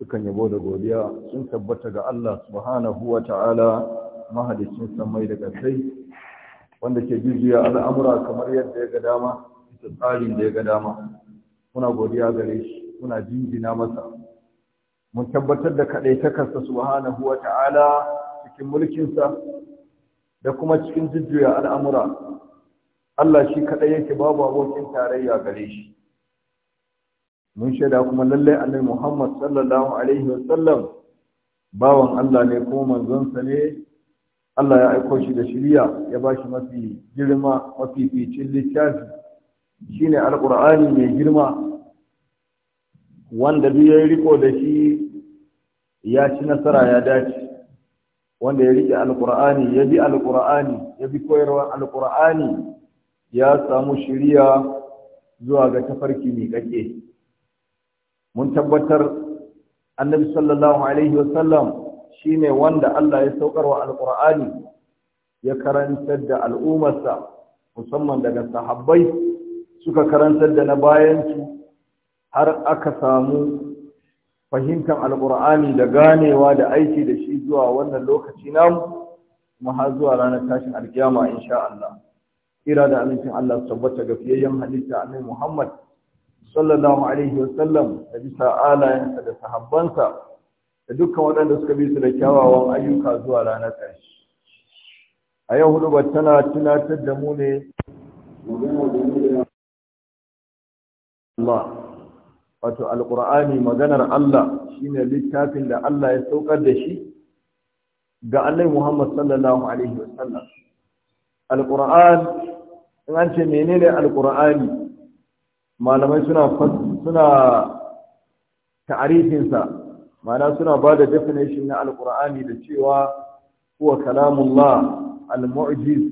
sukan yabo da godiya sun tabbata ga Allah subhanahu wa ta'ala mahadicin samai da ƙasai wanda ke jijiya al'amura kamar yadda ya ga dama ita tsarin da ya ga dama muna godiya gare shi muna jinjina masa mun tabbatar da kaɗaitakarsa subhanahu wa ta'ala cikin mulkinsa da kuma cikin jijiya al'amura Allah shi kaɗai yake babu abokin tarayya gare shi mun shaida kuma lallai annabi Muhammad sallallahu alaihi wa sallam bawan Allah ne kuma manzonsa ne Allah ya aiko shi da shiriya ya ba shi mafi girma mafi ficin littafi shine alqur'ani mai girma wanda duk ya riko da shi ya ci nasara ya dace wanda ya rike alqur'ani ya bi alqur'ani ya bi koyarwar alqur'ani ya samu shiriya zuwa ga tafarki mai kake mun tabbatar annabi sallallahu alaihi wasallam shine wanda Allah ya saukarwa alkur'ani ya karantar da al'ummarsa musamman daga sahabbai suka karantar da na bayansu har aka samu fahimtar alƙur'ani da ganewa da aiki da shi zuwa wannan lokaci namu kuma har zuwa ranar tashin alkiyama insha Allah kira da amincin Allah su tabbata ga fiyayyen halitta annabi Muhammad sallallahu alaihi wa sallam da bisa alayensa da sahabbansa da dukkan waɗanda suka bi su da kyawawan ayyuka zuwa ranar ƙarshe a yau hudu ba tana tunatar da mu ne Allah wato alƙur'ani maganar Allah shine littafin da Allah ya saukar da shi ga Annabi Muhammad sallallahu alaihi wa wasallam alƙur'an in an ce menene alƙur'ani malamai suna suna ta'arifinsa ma'ana suna ba da definition na alkur'ani da cewa huwa kalamullah al-mu'jiz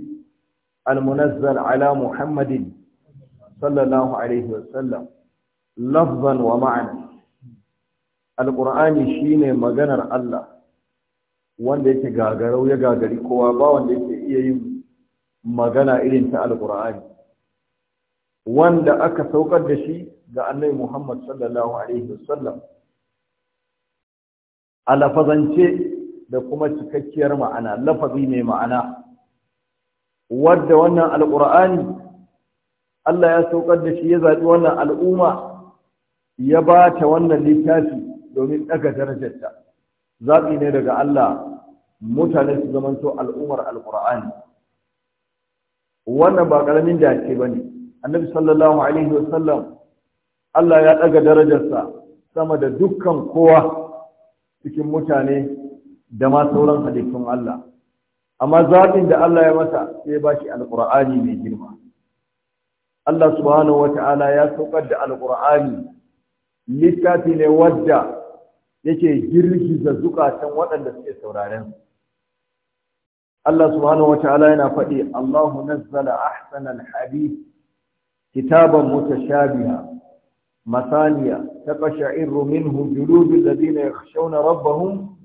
al-munazzal ala muhammadin sallallahu alaihi wa sallam lafzan wa ma'ana alqur'ani shine maganar Allah wanda yake gagarau ya gagari kowa ba wanda yake iya yin magana irin ta Alƙur'ani. wanda aka saukar da shi ga annabi Muhammad sallallahu alaihi wasallam a lafazance da kuma cikakkiyar ma'ana lafazi mai ma'ana wadda wannan alqur'ani Allah ya saukar da shi ya zaɓi wannan al'umma ya ba ta wannan littafi domin ɗaga darajarta zaɓi ne daga Allah mutane su zamanto al'ummar alqur'ani wannan ba ƙaramin dace ba ne annabi sallallahu alaihi wasallam Allah ya daga darajarsa sama da dukkan kowa cikin mutane da ma sauran halittun Allah amma zaɓin da Allah ya masa sai ya bashi alqur'ani mai girma Allah subhanahu wata'ala ya saukar da alqur'ani littafi ne wadda yake girgiza zukatan waɗanda suke sauraren Allah subhanahu wata'ala yana faɗi Allahu nazzala ahsanal hadith kitaban mutashabiha mathaniya taqashairu minhu julubi alladhina yakhshawna rabbahum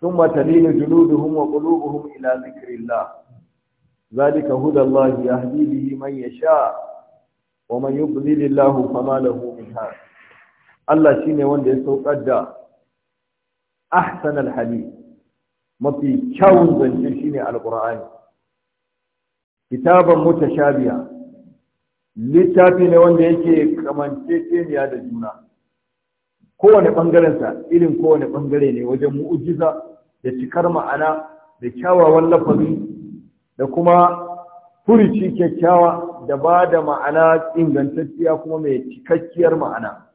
thumma talinu juluduhum wa qulubuhum ila dhikrillah dhalika hudallahi yahdi bihi man yasha shine wanda ya saukar da ahsan mafi kyawun zance shine alqur'ani kitaban mutashabiha littafi ne wanda yake ya da juna kowane ɓangarensa irin kowane ɓangare ne wajen mu'ujiza da cikar ma'ana da kyawawan lafazi da kuma furici kyakkyawa da ba da ma'ana ingantacciya kuma mai cikakkiyar ma'ana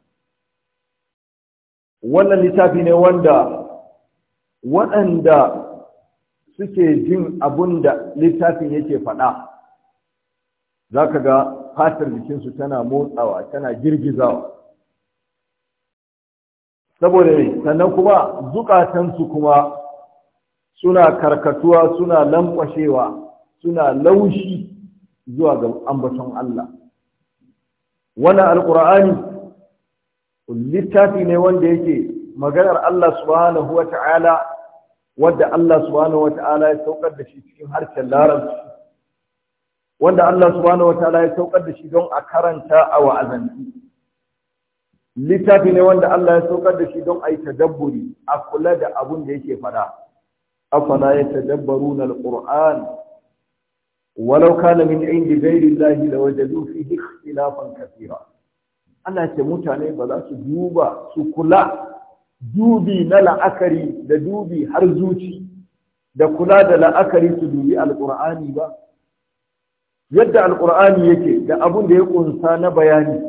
wannan littafi ne wanda waɗanda suke jin abun da littafin yake faɗa za ka ga fatar jikinsu tana motsawa tana girgizawa saboda ne sannan kuma zukatansu kuma suna karkatuwa suna lankwashewa suna laushi zuwa ga ambaton Allah wannan Alƙur'ani littafi ne wanda yake maganar Allah subhanahu ta'ala wadda Allah subhanahu ta'ala ya saukar da shi cikin harshen larabci wanda Allah subhanahu wataala ya saukar da shi don a karanta a wa'azanci littafi ne wanda Allah ya saukar da shi don a yi tadabburi a kula da abun da yake faɗa afala yatadabbaruna alquran walau kana min indi ghairi llahi lawajadu fihi ikhtilafan kathira Allah ce mutane ba za su duba su kula dubi na la'akari da dubi har zuci da kula da la'akari su dubi alqur'ani ba yadda alkur'ani yake da abun da ya ƙunsa na bayani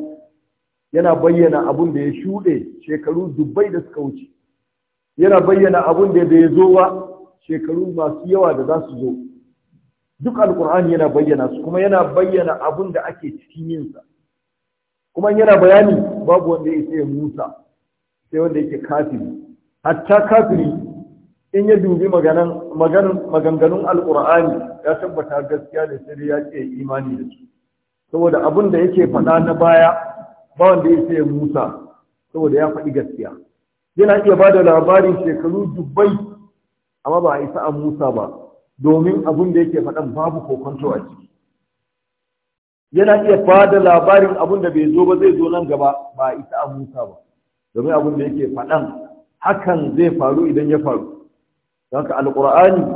yana bayyana abun da ya shuɗe shekaru dubbai da suka wuce yana bayyana abun da bai zo ba shekaru masu yawa da za su zo duk alƙur'ani yana bayyana su kuma yana bayyana abun da ake cikin yinsa kuma yana bayani babu wanda ya ya musa sai wanda yake kafiri hatta kafiri in ya dubi maganganun alkur'ani ya tabbata gaskiya da sai ya ce imani da su saboda abin da yake faɗa na baya ba wanda ya sai musa saboda ya faɗi gaskiya yana iya ba da labarin shekaru dubbai amma ba a isa a musa ba domin abin da yake faɗan babu kokonto a ciki yana iya ba da labarin abin da bai zo ba zai zo nan gaba ba a isa a musa ba domin abin da yake faɗan hakan zai faru idan ya faru Ka alƙur'ani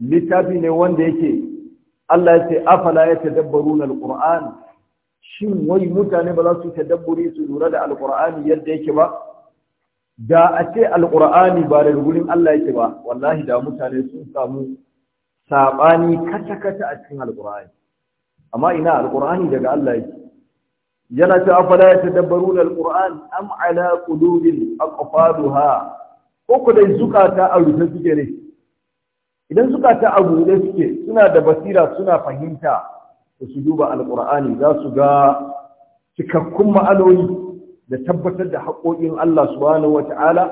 littafi ne wanda yake Allah ya ce afala ya tadabbaruna alqur'an shin wai mutane ba za su tadabburi su lura da alƙur'ani yadda yake ba da a ce alƙur'ani ba da gurin Allah yake ba wallahi da mutane sun samu saɓani kata kata a cikin alƙur'ani. amma ina alƙur'ani daga Allah yake yana ce afala ya tadabbaruna alqur'an am ala qulubin aqfaluha ko dai zukata a rufe suke ne idan zukata a buɗe suke suna da basira suna fahimta to su duba alkur'ani za su ga cikakkun ma'anoni da tabbatar da haƙoƙin Allah subhanahu wata'ala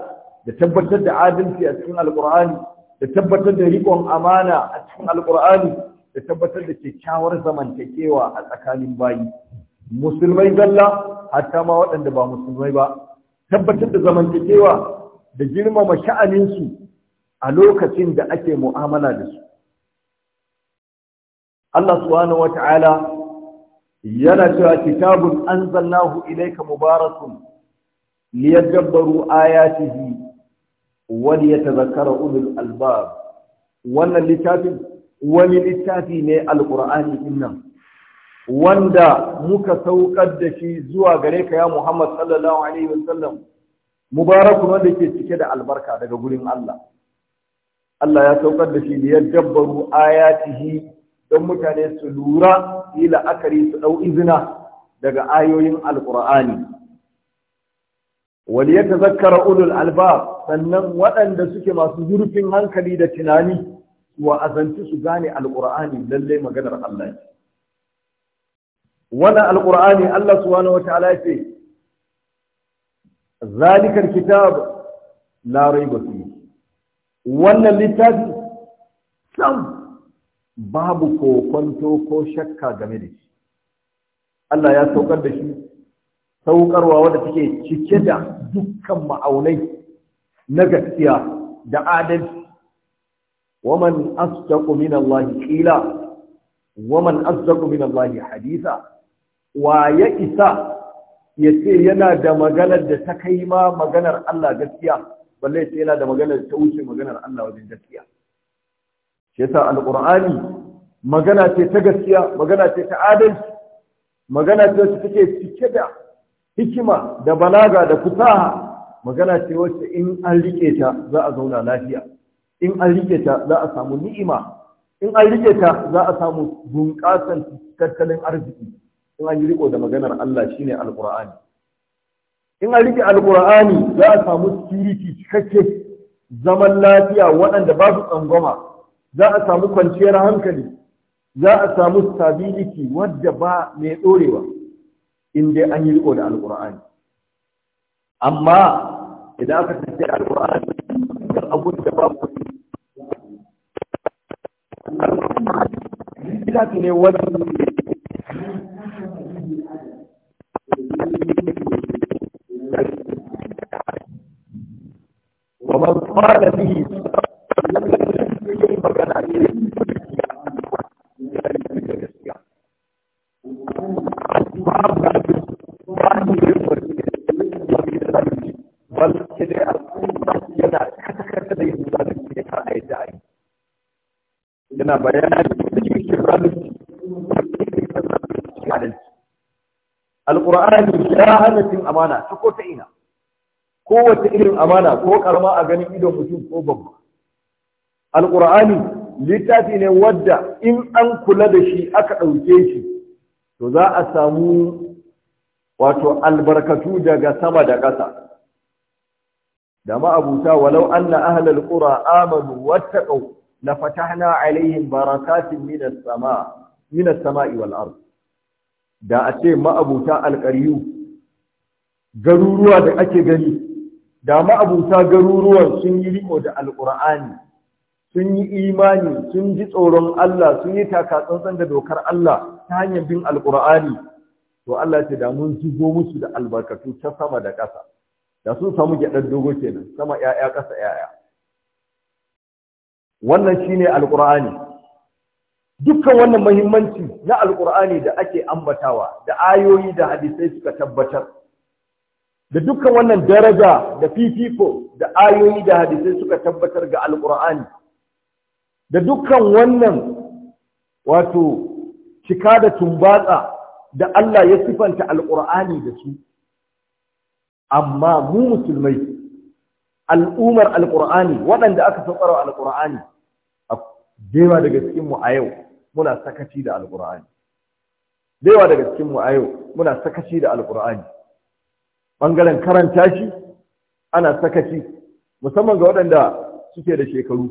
da tabbatar da adalci a cikin alkur'ani da tabbatar da riƙon amana a cikin alkur'ani da tabbatar da kyakkyawar zamantakewa a tsakanin bayi musulmai zalla hatta ma waɗanda ba musulmai ba tabbatar da zamantakewa da girmama sha'aninsu a lokacin da ake mu'amala da su Allah subhanahu wata'ala yana cewa kitabun anzalnahu ilaika mubarakun liyadabbaru ayatihi wa liyatadhakkara ulul albab wannan littafin wani littafi ne Alƙur'ani innan. wanda muka saukar da shi zuwa gare ka ya Muhammad sallallahu alaihi wasallam mubarakun wanda ke cike da albarka daga gurin Allah Allah ya saukar da shi da ya dabbaru ayatihi don mutane su lura yi la'akari su ɗau izina daga ayoyin alƙur'ani wani ya tazakkara ulul alba sannan waɗanda suke masu zurfin hankali da tunani wa azanci su gane alƙur'ani lallai maganar Allah wannan alƙur'ani Allah subhanahu wa ta'ala ce zalikar kitab larai raiba wannan littafi sam babu kwanto ko shakka game da shi Allah ya saukar da shi saukarwa wadda take cike da dukkan ma'aunai na gaskiya da adalci waman asdaqu min Allah qila waman asdaqu min Allah hadisa, wa ya isa ya ce yana da maganar da ta kai ma maganar Allah gaskiya balle ce yana da maganar da ta wuce maganar Allah wajen gaskiya shi yasa alqur'ani magana ce ta gaskiya magana ce ta adalci magana ce wacce take cike da hikima da balaga da fasaha magana ce wacce in an rike ta za a zauna lafiya in an rike ta za a samu ni'ima in an rike ta za a samu bunƙasan tattalin arziki in an yi riko da maganar Allah shine alqur'ani in an rike alqur'ani za a samu security cikakke zaman lafiya waɗanda ba su tsangwama za a samu kwanciyar hankali za a samu stability wadda ba mai ɗorewa in dai an yi riko da alqur'ani amma idan aka tafi alqur'ani abun da babu ku ne wani قال به القرآن kowace irin amana ko karma a ganin ido mutum ko babba alqur'ani littafi ne wadda in an kula da shi aka ɗauke shi to za a samu wato albarkatu daga sama da ƙasa da ma'abuta walau anna ahlal qura amanu wattaqu la fatahna alaihim barakatin minas sama minas sama'i wal ard da a ce ma'abuta alqariyu garuruwa da ake gani da ma'abuta garuruwan sun yi riko da alƙur'ani sun yi imani sun ji tsoron Allah sun yi taka tsantsan da dokar Allah ta hanyar bin alƙur'ani to Allah ce da mun musu da albarkatu ta sama da ƙasa da sun samu gyaɗar dogo kenan sama ƴaƴa ƙasa ƴaƴa wannan shine alƙur'ani dukkan wannan muhimmanci na alƙur'ani da ake ambatawa da ayoyi da hadisai suka tabbatar da dukkan wannan daraja da fifiko da ayoyi da hadisai suka tabbatar ga alkur'ani da dukkan wannan wato cika da tumbatsa da Allah ya sifanta alkur'ani da su amma mu musulmai al'umar alkur'ani waɗanda aka saukar alkur'ani a daga cikinmu a yau muna sakaci da alkur'ani dewa daga cikinmu a yau muna sakaci da alkur'ani ɓangaren karanta shi ana sakaci musamman ga waɗanda suke da shekaru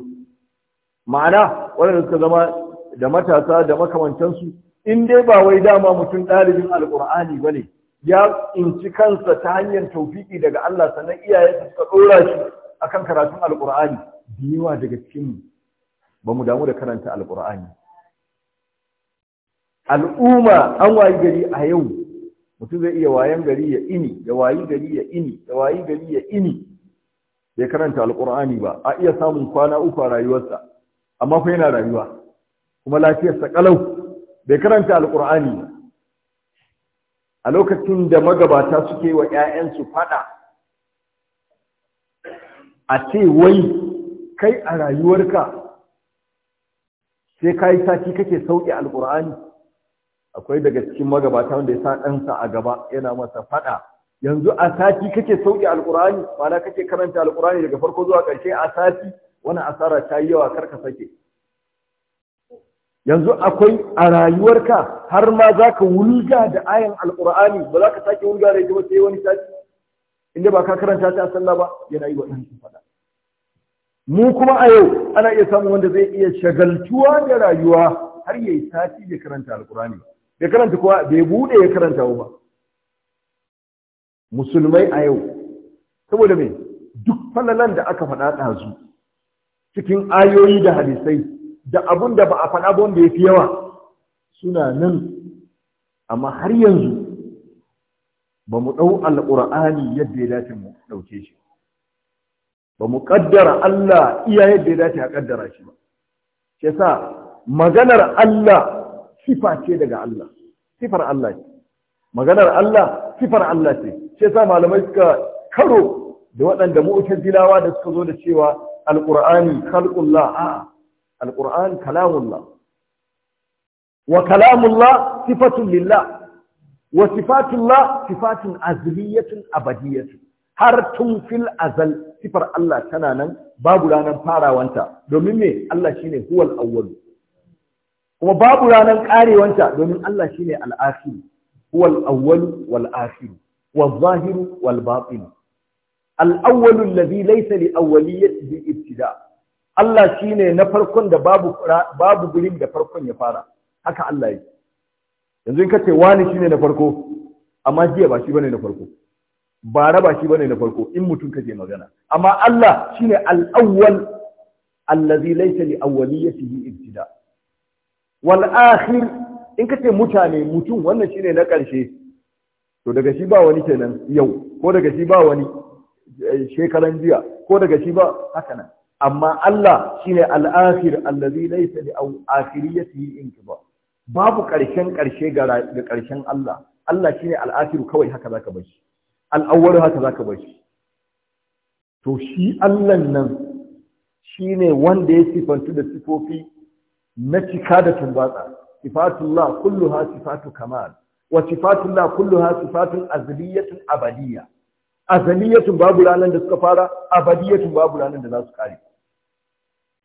ma'ana waɗanda suka zama da matasa da makamantansu in dai ba wai dama mutum ɗalibin alƙur'ani ba ne ya inci kansa ta hanyar taufiki daga Allah sannan iyaye suka ɗora shi akan karatun alƙur'ani da daga cikin ba mu damu da karanta alƙur'ani al'umma an wayi gari a yau mutum zai iya wayan gari ya ini ya wayi gari ya ini ya wayi gari ya ini bai karanta alkur'ani ba a iya samun kwana uku a rayuwarsa amma fa yana rayuwa kuma lafiyarsa kalau bai karanta alkur'ani ba a lokacin da magabata suke wa 'ya'yansu faɗa, a ce wai kai a rayuwarka sai ka yi sati kake sauƙi alkur'ani akwai daga cikin magabata wanda ya sa ɗansa a gaba yana masa faɗa yanzu a sati kake sauƙi alƙur'ani mana kake karanta alƙur'ani daga farko zuwa ƙarshe a sati wani asara ta yi yawa karka sake yanzu akwai a rayuwarka har ma za ka wulga da ayan alƙur'ani ba za ka sake wulga da ita ba sai wani sati inda ba ka karanta ta sallah ba yana yi wa ɗan faɗa mu kuma a yau ana iya samun wanda zai iya shagaltuwa da rayuwa har yayi sati da karanta alƙur'ani ya karanta kuwa bai bude ya karanta ba musulmai a yau saboda me duk falalan da aka faɗa ɗazu cikin ayoyi da hadisai da abun da ba a faɗa ba wanda ya fi yawa suna nan amma har yanzu ba mu ɗau al'ur'ani yadda ya dace mu ɗauke shi ba mu ƙaddara Allah iya yadda ya dace a ƙaddara shi ba. Ke sa maganar Allah sifa ce daga Allah sifar Allah ce maganar Allah sifar Allah ce shi yasa malamai suka karo da waɗanda mu'tazilawa da suka zo da cewa alqur'ani khalqullah a alqur'an kalamullah wa kalamullah sifatun lillah wa sifatullah sifatun azliyatun abadiyatun har tun fil azal sifar Allah tana nan babu ranar farawanta domin me Allah shine huwal awwal kuma babu ranar karewanta domin Allah shi ne akhir huwal awwal wal akhir wal zahir wal batin al-awwal alladhi laysa li awwaliyatihi ibtida Allah shi ne na farkon da babu babu gurin da farkon ya fara haka Allah yi. yanzu in ka ce wani shi ne na farko amma jiya ba shi bane na farko bara ba shi bane na farko in mutum ka kace magana amma Allah shine al-awwal allazi laysa li awwaliyatihi ibtida wal akhir in ka ce mutane mutum wannan shine na ƙarshe to daga shi ba wani kenan yau ko daga shi ba wani eh, shekaran jiya ko daga shi ba haka nan amma Allah shine al-akhir allazi laysa li akhiriyatihi inkiba babu ƙarshen ƙarshe ga ƙarshen Allah Allah shine al-akhir kawai haka zaka bar shi al-awwal haka zaka bar shi to shi Allah nan shine wanda ya sifantu da sifofi na cika da tumbatsa sifatullah kulluha sifatu kamal wa sifatullah kulluha sifatun azliyatun abadiyya azaliyatun babu ranar da suka fara abadiyatun babu ranar da za su kare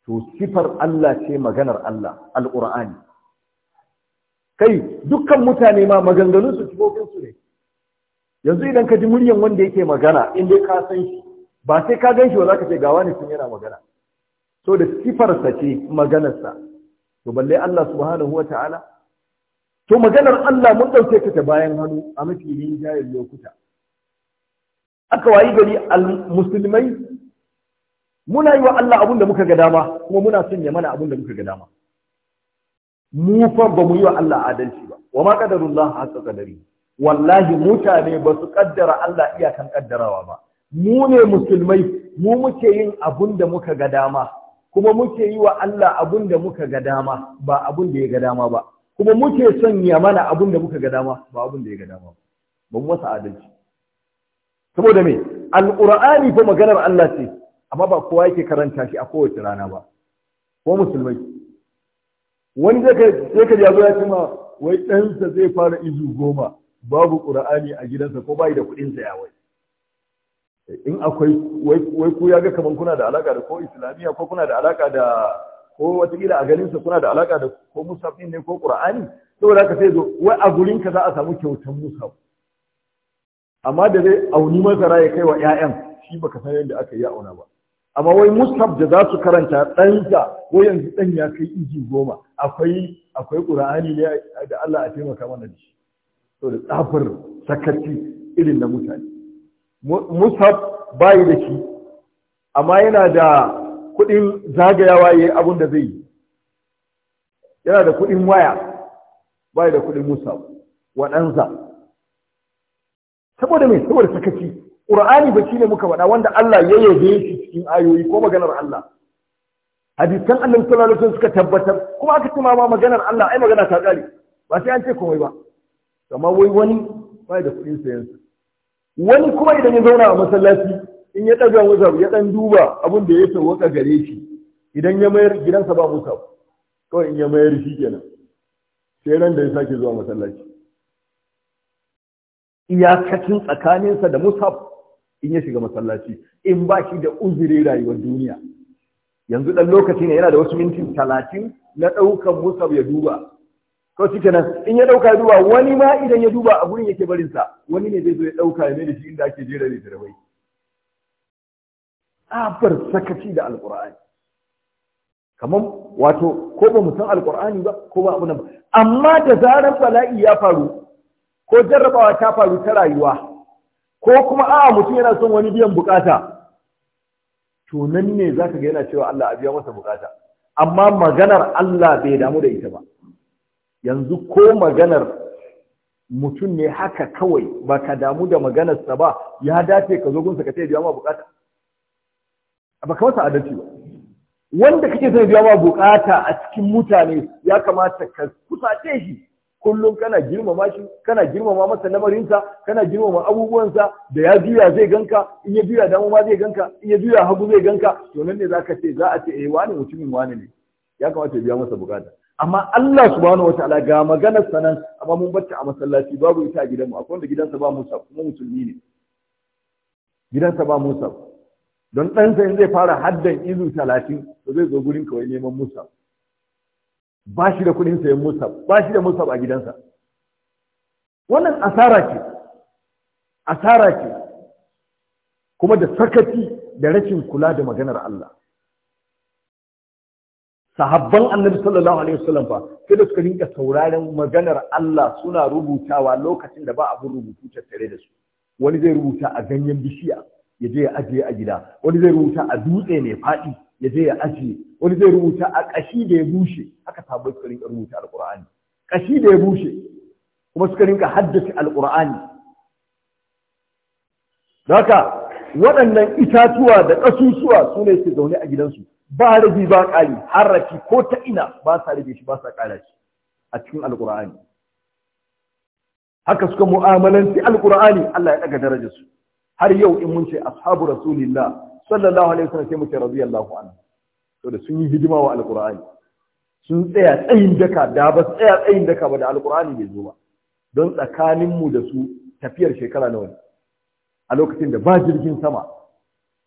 to sifar Allah ce maganar Allah alqur'ani kai dukkan mutane ma maganganun su sifofin su ne yanzu idan ka ji muryan wanda yake magana in dai ka san shi ba sai ka gan shi ba za ka ce ga wani sun yana magana so da sifarsa ce maganarsa to balle Allah subhanahu wata'ala to maganar Allah mun dauke ta bayan hannu a mafi rinjayen lokuta aka wayi gari musulmai muna yi wa Allah abin da muka ga dama kuma muna son ya mana abin da muka ga dama mu fa ba mu yi wa Allah adalci ba wa ma qadarullah haqqa qadari wallahi mutane ba su kaddara Allah iyakan kaddarawa ba mu ne musulmai mu muke yin abin da muka ga dama kuma muke yi wa Allah abun da muka ga dama ba abun da ya ga dama ba kuma muke son ya mana abun da muka ga dama ba abun da ya ga dama ba mu masa adalci saboda me alqur'ani fa maganar Allah ce amma ba kowa yake karanta shi a kowace rana ba ko musulmai wani zai ka sai ya ce ma wai ɗansa zai fara izu goma babu ƙura'ani a gidansa ko bai da kuɗin ya wai in akwai wai ku ya ga kaman kuna da alaka da ko islamiyya ko kuna da alaka da ko watakila a ganin sa kuna da alaka da ko musaf ne ko qur'ani saboda haka sai zo wai a gurin ka za a samu kyautan musaf amma da zai auni masara ya kai wa ƴaƴan shi baka san yadda aka yi auna ba amma wai musaf da za su karanta ɗansa ko yanzu ɗan ya kai iji goma akwai akwai qur'ani ne da Allah a taimaka mana da shi to da tsafar sakaci irin na mutane mushaf bayi da shi amma yana da kuɗin zagayawa yayin abin da zai yi yana da kuɗin waya bayi da kuɗin mushaf waɗansa saboda mai saboda sakaci ƙur'ani ba shi ne muka faɗa wanda Allah ya yabe shi cikin ayoyi ko maganar Allah hadisan Allah sallallahu alaihi wasallam suka tabbatar kuma aka tuma ma maganar Allah ai magana ta ƙare ba sai an ce komai ba amma wai wani bai da kuɗin sayansa wani kuma idan ya zauna a masallaci in ya ɗaga Musaf ya ɗan duba abin da ya tawaka gare shi idan ya mayar gidansa ba Musaf. kawai in ya mayar shi kenan sai ran da ya sake zuwa masallaci iyakacin tsakaninsa da musab in ya shiga masallaci in ba shi da uzuri rayuwar duniya yanzu ɗan lokaci ne yana da wasu minti talatin na ɗaukar Musaf ya duba kawai shi kenan in ya dauka ya duba wani ma idan ya duba a gurin yake barinsa, wani ne zai zo ya dauka ya mai da shi inda ake jera da tarabai tsabar sakaci da alqur'ani kamar wato ko ba mutum alqur'ani ba ko ba abu nan ba amma da zarar bala'i ya faru ko jarrabawa ta faru ta rayuwa ko kuma a'a mutum yana son wani biyan bukata to nan ne zaka ga yana cewa Allah a biya masa bukata amma maganar Allah bai damu da ita ba yanzu ko maganar mutum ne haka kawai ba ka damu da maganarsa ba ya dace ka zo gunsa ka ce biya ma bukata ba ka masa adalci ba wanda kake son biya ma bukata a cikin mutane ya kamata ka kusace shi kullum kana girmama shi kana girmama masa lamarinsa kana girmama abubuwansa da ya juya zai ganka in ya juya damu ma zai ganka in ya juya hagu zai ganka to nan ne zaka ce za a ce eh wani mutumin wani ne ya kamata ya biya masa bukata amma Allah subhanahu wataala ga maganar sanan amma mun bacci a masallaci babu ita a gidanmu akwai wanda gidansa ba Musa kuma musulmi ne gidansa ba Musa don ɗansa in zai fara haddan izu talatin to zai zo gurin kawai neman Musa ba shi da kuɗin sayan Musa ba shi da Musa a gidansa wannan asara ce asara ce kuma da sakati da rashin kula da maganar Allah sahabban annabi sallallahu alaihi wasallam ba sai da suka rinka sauraron maganar Allah suna rubutawa lokacin da ba abun rubutu tattare da su wani zai rubuta a ganyen bishiya ya je ya ajiye a gida wani zai rubuta a dutse mai faɗi ya je ya ajiye wani zai rubuta a ƙashi da ya bushe haka sabon suka rinka rubuta alƙur'ani ƙashi da ya bushe kuma suka rinka haddace alƙur'ani haka waɗannan itatuwa da ƙasusuwa su ne su zaune a gidansu ba rabi ba har harafi ko ta ina ba sa rage shi ba sa ƙara shi a cikin alƙur'ani haka suka mu'amalanci alƙur'ani Allah ya ɗaga darajar su har yau in mun ce ashabu rasulillah sallallahu alaihi wasallam sai mu ce radiyallahu anhu to da sun yi hidima wa alƙur'ani sun tsaya tsayin daka da ba su tsaya tsayin daka ba da alƙur'ani bai zo ba don tsakanin mu da su tafiyar shekara nawa a lokacin da ba jirgin sama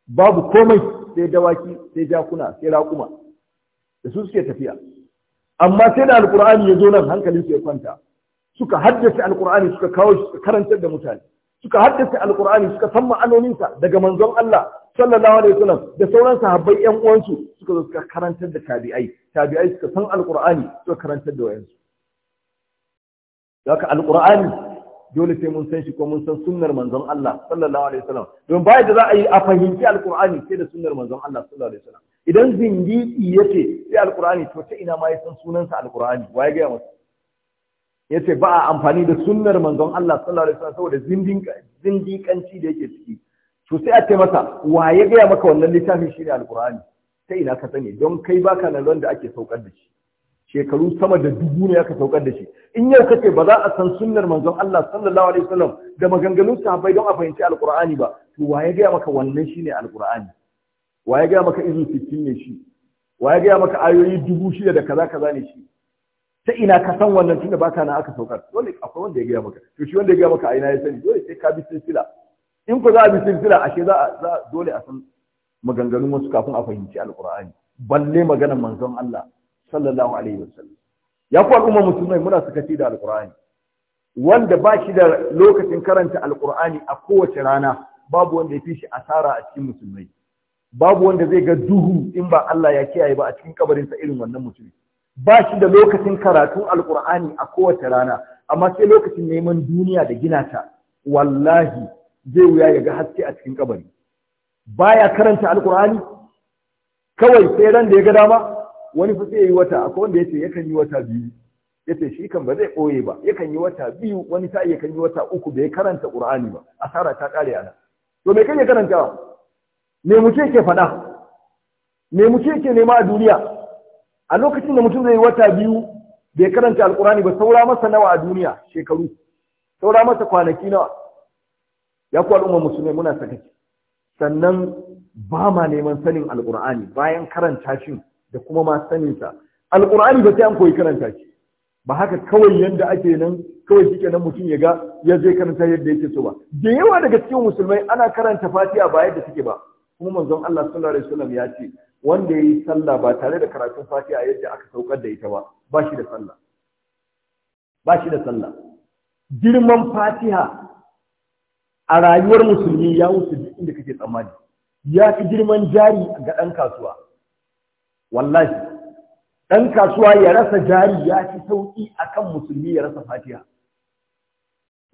babu komai sai dawaki sai jakuna sai raƙuma da su suke tafiya amma sai da alkur'ani ya zo nan hankalin su ya kwanta suka haddace alkur'ani suka kawo shi suka karantar da mutane suka haddace alkur'ani suka san ma'anoninsa daga manzon Allah sallallahu alaihi wasallam da sauran sahabbai yan uwansu suka zo suka karantar da tabi'ai tabi'ai suka san alkur'ani suka karantar da wayansu haka alkur'ani dole sai mun san shi ko mun san sunnar manzon Allah sallallahu alaihi wasallam don bai da za a yi a fahimci alqur'ani sai da sunnar manzon Allah sallallahu alaihi wasallam idan zindiki yace sai alqur'ani to ta ina ma ya san sunansa alqur'ani waye ga masa yace ba a amfani da sunnar manzon Allah sallallahu alaihi wasallam saboda zindikanci da yake ciki to sai a ce masa waye ga maka wannan littafin shi shine alqur'ani sai ina ka sani don kai baka nan da ake saukar da shi shekaru sama da dubu ne aka saukar da shi in yau kace ba za a san sunnar manzon Allah sallallahu alaihi wasallam da maganganun sahabbai don a fahimci alqur'ani ba to waye ga maka wannan shine alqur'ani waye ga maka izu sittin ne shi waye ga maka ayoyi dubu shida da kaza kaza ne shi ta ina ka san wannan tunda baka na aka saukar dole akwai wanda ya ga maka to shi wanda ya ga maka a ina ya sani dole sai ka bi silsila in ku za a bi silsila ashe za a dole a san maganganun wasu kafin a fahimci alqur'ani balle maganar manzon Allah sallallahu alaihi wasallam ya ku al'umma musulmai muna sakaci da alqur'ani wanda ba shi da lokacin karanta alqur'ani a kowace rana babu wanda ya fi shi asara a cikin musulmai babu wanda zai ga duhu in ba Allah ya kiyaye ba a cikin kabarinsa irin wannan mutum ba shi da lokacin karatu alkur'ani a kowace rana amma sai lokacin neman duniya da gina ta wallahi zai wuya ya ga haske a cikin kabari baya karanta alkur'ani kawai sai ran da ya ga dama wani fi sai yi wata akwai wanda yace yakan yi wata biyu yace shi kan ba zai ɓoye ba yakan yi wata biyu wani ta iya yakan yi wata uku bai karanta ƙur'ani ba asara ta ƙare ana to me karanta karantawa me mu ce ke faɗa me mu ke nema a duniya a lokacin da mutum zai yi wata biyu bai karanta alƙur'ani ba saura masa nawa a duniya shekaru saura masa kwanaki nawa ya ku al'ummar musulmai muna sakaci sannan ba ma neman sanin alƙur'ani bayan karanta shi da kuma ma sa alqur'ani ba sai an koyi karanta shi ba haka kawai yanda ake nan kawai shike nan mutum ya ga ya je karanta yadda yake so ba da yawa daga cikin musulmai ana karanta fatiha ba yadda take ba kuma manzon Allah sallallahu alaihi wasallam ya ce wanda yayi sallah ba tare da karatun fatiha yadda aka saukar da ita ba ba shi da sallah ba shi da sallah girman fatiha a rayuwar musulmi ya wuce duk inda kake tsammani ya fi girman jari ga ɗan kasuwa wallahi ɗan kasuwa ya rasa jari ya fi sauƙi kan musulmi ya rasa fatiya.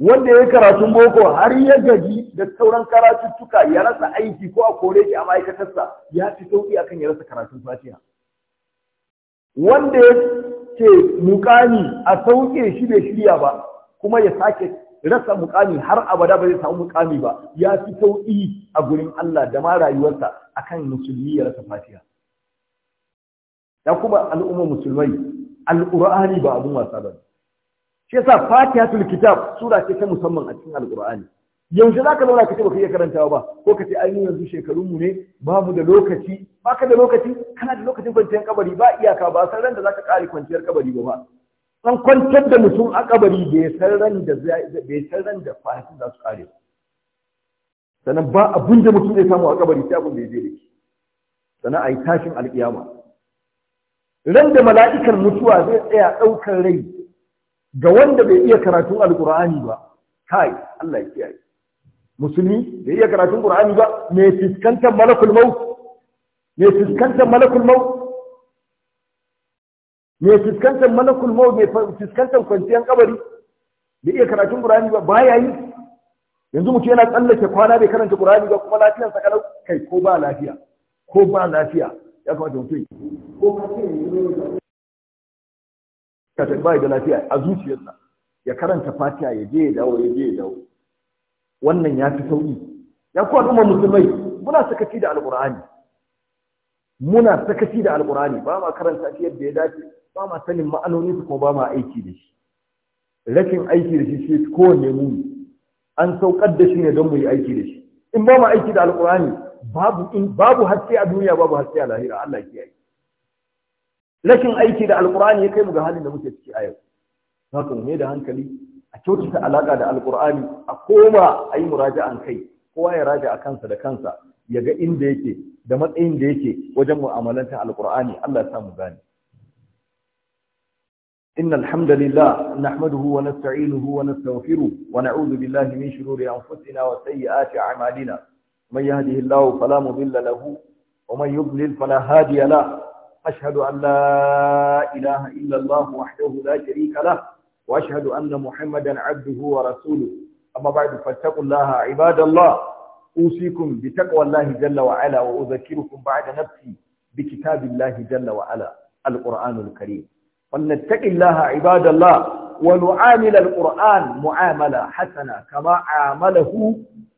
wanda ya karatun boko har ya gaji da sauran karatuttuka ya rasa aiki ko a kore shi a ma'aikatarsa ya fi sauƙi kan ya rasa karatun fatiha wanda ya ce mukami a sauƙe shi bai shirya ba kuma ya sake rasa mukami har abada ba zai samu mukami ba ya fi sauƙi a gurin Allah da ma rayuwarsa akan musulmi ya rasa fatiya. Da kuma al'umma musulmai al'ur'ani ba abun wasa bane shi yasa fatihatul kitab sura ce ta musamman a cikin al'ur'ani. yaushe za ka zauna ka ce ba ka iya karantawa ba ko ka ce ainihin yanzu shekarunmu ne ba mu da lokaci ba ka da lokaci kana da lokacin kwanciyar kabari ba iyaka ba san ran da za ka kare kwanciyar kabari ba kwantar da mutum a kabari bai san ran da bai san ran da za su kare sannan ba abin da mutum zai samu a kabari sai abin da ya da shi sannan a yi tashin alƙiyama ran da mala'ikan mutuwa zai tsaya ɗaukar rai ga wanda bai iya karatun alƙur'ani ba kai Allah ya kiyaye musulmi bai iya karatun qur'ani ba mai fiskantar malakul maut mai fiskantar malakul maut mai fiskantar malakul maut mai fiskantar kwanciyar kabari bai iya karatun qur'ani ba ya yi yanzu mutum yana tsallake kwana bai karanta qur'ani ba kuma lafiyarsa kalau kai ko ba lafiya ko ba lafiya ya kamata mutum ko ka ce ne ka tabbai da lafiya a zuciyarsa ya karanta fatiha ya je ya dawo ya je ya dawo wannan ya fi sauƙi. ya ku al'umma musulmai muna sakaci da alqur'ani muna sakaci da alqur'ani ba ma karanta shi yadda ya dace ba ma sanin ma'anoni su kuma ba ma aiki da shi rashin aiki da shi shi kowanne mu. an saukar da shi ne don mu yi aiki da shi in ba ma aiki da alqur'ani babu in babu haske a duniya babu haske a lahira Allah ya kiyaye rashin aiki da alqur'ani ya kai mu ga halin da muke ciki a yau haka ne da hankali a kyautata alaka da alqur'ani a koma a yi muraja'an kai kowa ya raja a kansa da kansa ya ga inda yake da matsayin da yake wajen mu'amalantar alqur'ani Allah ya sa mu gane إن الحمد لله نحمده ونستعينه ونستغفره ونعوذ بالله من شرور أنفسنا وسيئات أعمالنا من يهده الله فلا مضل له ومن يضلل فلا هادي له أشهد أن لا إله إلا الله وحده لا شريك له وأشهد أن محمدا عبده ورسوله أما بعد فاتقوا الله عباد الله أوصيكم بتقوى الله جل وعلا وأذكركم بعد نفسي بكتاب الله جل وعلا القرآن الكريم فلنتق الله عباد الله ونعامل القرآن معاملة حسنة كما عامله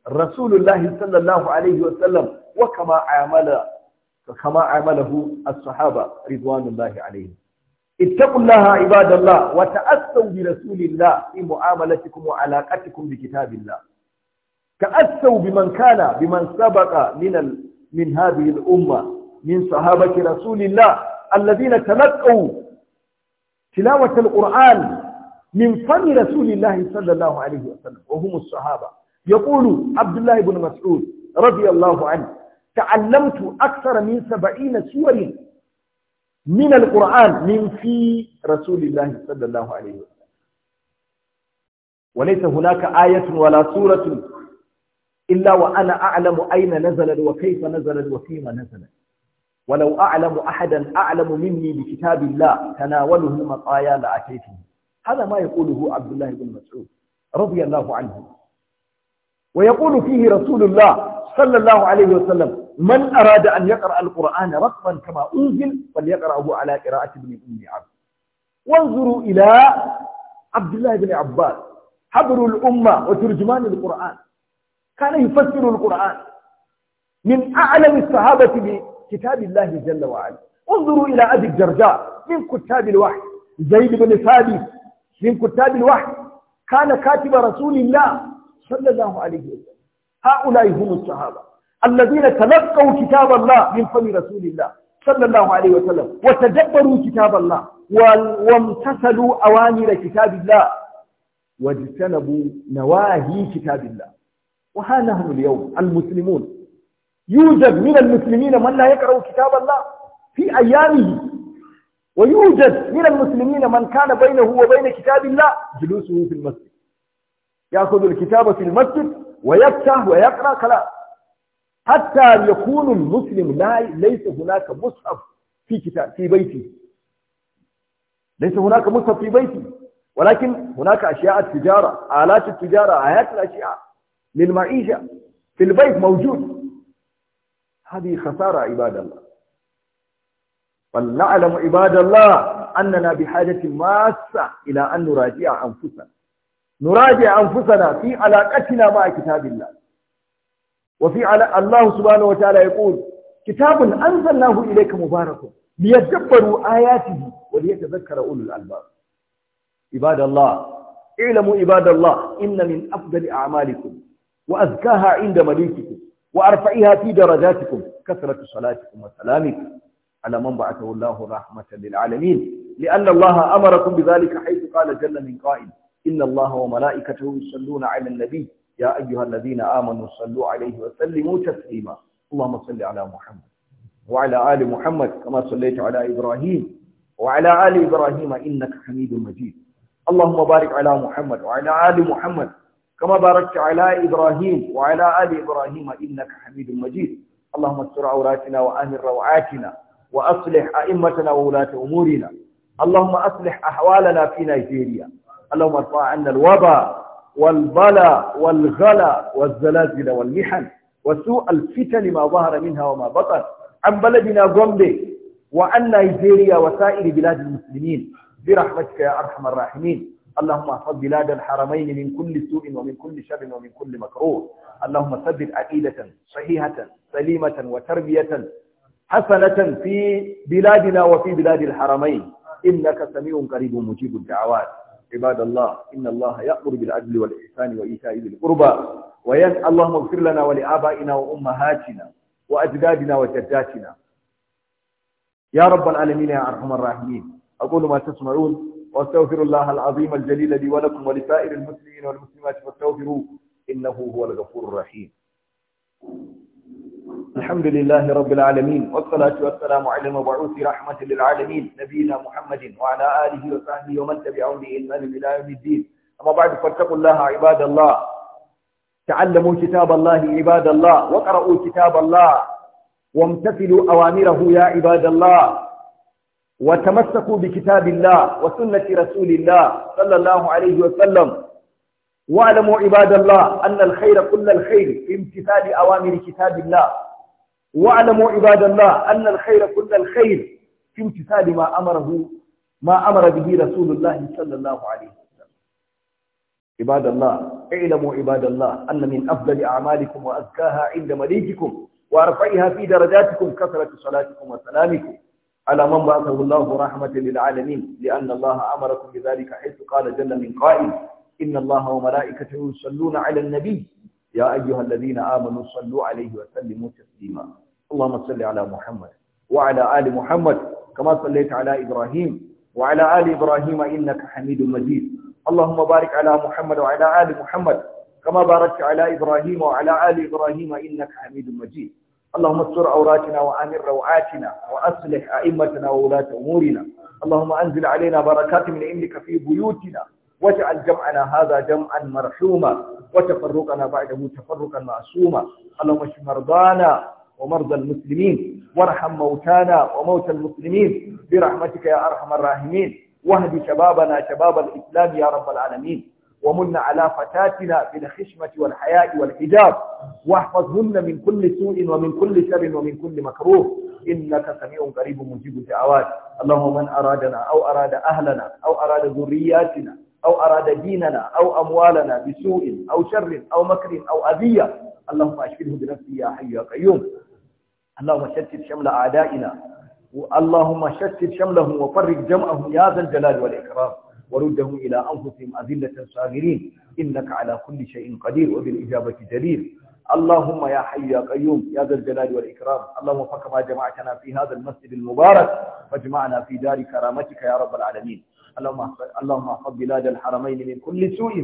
رسول الله صلى الله عليه وسلم وكما عامل كما عامله الصحابة رضوان الله عليهم اتقوا الله عباد الله وتأسوا برسول الله في معاملتكم وعلاقتكم بكتاب الله تأسوا بمن كان بمن سبق من ال... من هذه الأمة من صحابة رسول الله الذين تلقوا تلاوة القرآن من فم رسول الله صلى الله عليه وسلم وهم الصحابة يقول عبد الله بن مسعود رضي الله عنه تعلمت أكثر من سبعين سور من القرآن من في رسول الله صلى الله عليه وسلم وليس هناك آية ولا سورة إلا وأنا أعلم أين نزلت وكيف نزلت وفيما نزلت ولو أعلم أحدا أعلم مني بكتاب الله تناوله مطايا لأتيته هذا ما يقوله عبد الله بن مسعود رضي الله عنه ويقول فيه رسول الله صلى الله عليه وسلم من أراد أن يقرأ القرآن رقما كما أنزل فليقرأه على قراءة ابن أم عبد وانظروا إلى عبد الله بن عباس حبر الأمة وترجمان القرآن كان يفسر القرآن من أعلم الصحابة بكتاب الله جل وعلا انظروا إلى أبي الجرجاء من كتاب الوحي زيد بن ثابت من كتاب الوحي كان كاتب رسول الله صلى الله عليه وسلم هؤلاء هم الصحابة الذين تلقوا كتاب الله من فم رسول الله صلى الله عليه وسلم وتدبروا كتاب الله وامتثلوا أوامر كتاب الله واجتنبوا نواهي كتاب الله وها نحن اليوم المسلمون يوجد من المسلمين من لا يقرأ كتاب الله في أيامه ويوجد من المسلمين من كان بينه وبين كتاب الله جلوسه في المسجد يأخذ الكتاب في المسجد ويفتح ويقرأ كلام حتى يكون المسلم لا ليس هناك مصحف في كتاب في بيته ليس هناك مصحف في بيته ولكن هناك أشياء التجارة آلات التجارة آيات الأشياء للمعيشة في البيت موجود هذه خسارة عباد الله فلنعلم عباد الله أننا بحاجة ماسة إلى أن نراجع أنفسنا نراجع أنفسنا في علاقتنا مع كتاب الله وفي على الله سبحانه وتعالى يقول كتاب أنزلناه إليك مبارك ليتدبروا آياته وليتذكر أولو الألباب عباد الله اعلموا عباد الله إن من أفضل أعمالكم وأزكاها عند مليككم وأرفعها في درجاتكم كثرة صلاتكم وسلامكم على من بعثه الله رحمة للعالمين لأن الله أمركم بذلك حيث قال جل من قائل إن الله وملائكته يصلون على النبي يا أيها الذين آمنوا صلوا عليه وسلموا تسليما اللهم صل على محمد وعلى آل محمد كما صليت على إبراهيم وعلى آل إبراهيم إنك حميد مجيد اللهم بارك على محمد وعلى آل محمد كما باركت على إبراهيم وعلى آل إبراهيم إنك حميد مجيد اللهم استر عوراتنا وآمن روعاتنا وأصلح أئمتنا وولاة أمورنا اللهم أصلح أحوالنا في نيجيريا اللهم ارفع عنا الوباء والبلاء والغلا والزلازل والمحن وسوء الفتن ما ظهر منها وما بطن عن بلدنا غومبي وعن نيجيريا وسائر بلاد المسلمين برحمتك يا ارحم الراحمين اللهم احفظ بلاد الحرمين من كل سوء ومن كل شر ومن كل مكروه اللهم ثبت عقيدة صحيحة سليمة وتربية حسنة في بلادنا وفي بلاد الحرمين إنك سميع قريب مجيب الدعوات عباد الله إن الله يأمر بالعدل والإحسان وإيتاء ذي القربى ويسأل اللهم اغفر لنا ولآبائنا وأمهاتنا وأجدادنا وجداتنا يا رب العالمين يا أرحم الراحمين أقول ما تسمعون واستغفر الله العظيم الجليل لي ولكم ولسائر المسلمين والمسلمات فاستغفروه إنه هو الغفور الرحيم الحمد لله رب العالمين والصلاة والسلام على المبعوث رحمة للعالمين نبينا محمد وعلى آله وصحبه ومن تبعهم بإيمان إلى يوم الدين أما بعد فاتقوا الله عباد الله تعلموا كتاب الله عباد الله وقرأوا كتاب الله وامتثلوا أوامره يا عباد الله وتمسكوا بكتاب الله وسنة رسول الله صلى الله عليه وسلم واعلموا عباد الله أن الخير كل الخير في امتثال أوامر كتاب الله واعلموا عباد الله أن الخير كل الخير في امتثال ما أمره ما أمر به رسول الله صلى الله عليه وسلم عباد الله اعلموا عباد الله أن من أفضل أعمالكم وأزكاها عند مليككم وأرفعها في درجاتكم كثرة صلاتكم وسلامكم على من بعثه الله رحمة للعالمين لأن الله أمركم بذلك حيث قال جل من قائل إن الله وملائكته يصلون على النبي يا أيها الذين آمنوا صلوا عليه وسلموا تسليما اللهم صل على محمد وعلى آل محمد كما صليت على إبراهيم وعلى آل إبراهيم إنك حميد مجيد اللهم بارك على محمد وعلى آل محمد كما باركت على إبراهيم وعلى آل إبراهيم إنك حميد مجيد اللهم استر عوراتنا وآمن روعاتنا وأصلح أئمتنا وولاة أمورنا اللهم أنزل علينا بركات من عندك في بيوتنا واجعل جمعنا هذا جمعا مرحوما وتفرقنا بعده تفرقا معصوما اللهم اشف مرضانا ومرضى المسلمين وارحم موتانا وموتى المسلمين برحمتك يا ارحم الراحمين واهد شبابنا شباب الاسلام يا رب العالمين ومن على فتاتنا بالخشمة والحياء والحجاب واحفظهن من كل سوء ومن كل شر ومن كل مكروه إنك سميع قريب مجيب الدعوات اللهم من أرادنا أو أراد أهلنا أو أراد ذرياتنا أو أراد ديننا أو أموالنا بسوء أو شر أو مكر أو أذية اللهم أشفله بنفسي يا حي يا قيوم اللهم شتت شمل أعدائنا اللهم شتت شملهم وفرق جمعهم يا ذا الجلال والإكرام وردهم إلى أنفسهم أذلة صاغرين إنك على كل شيء قدير وبالإجابة جدير اللهم يا حي يا قيوم يا ذا الجلال والإكرام اللهم فكما جمعتنا في هذا المسجد المبارك فاجمعنا في دار كرامتك يا رب العالمين اللهم اللهم احفظ بلاد الحرمين من كل سوء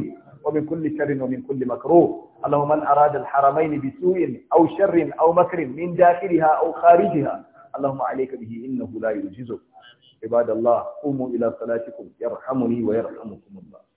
ومن كل شر ومن كل مكروه اللهم من أراد الحرمين بسوء أو شر أو مكر من داخلها أو خارجها اللهم عليك به إنه لا يعجزك عباد الله قوموا إلى صلاتكم يرحمني ويرحمكم الله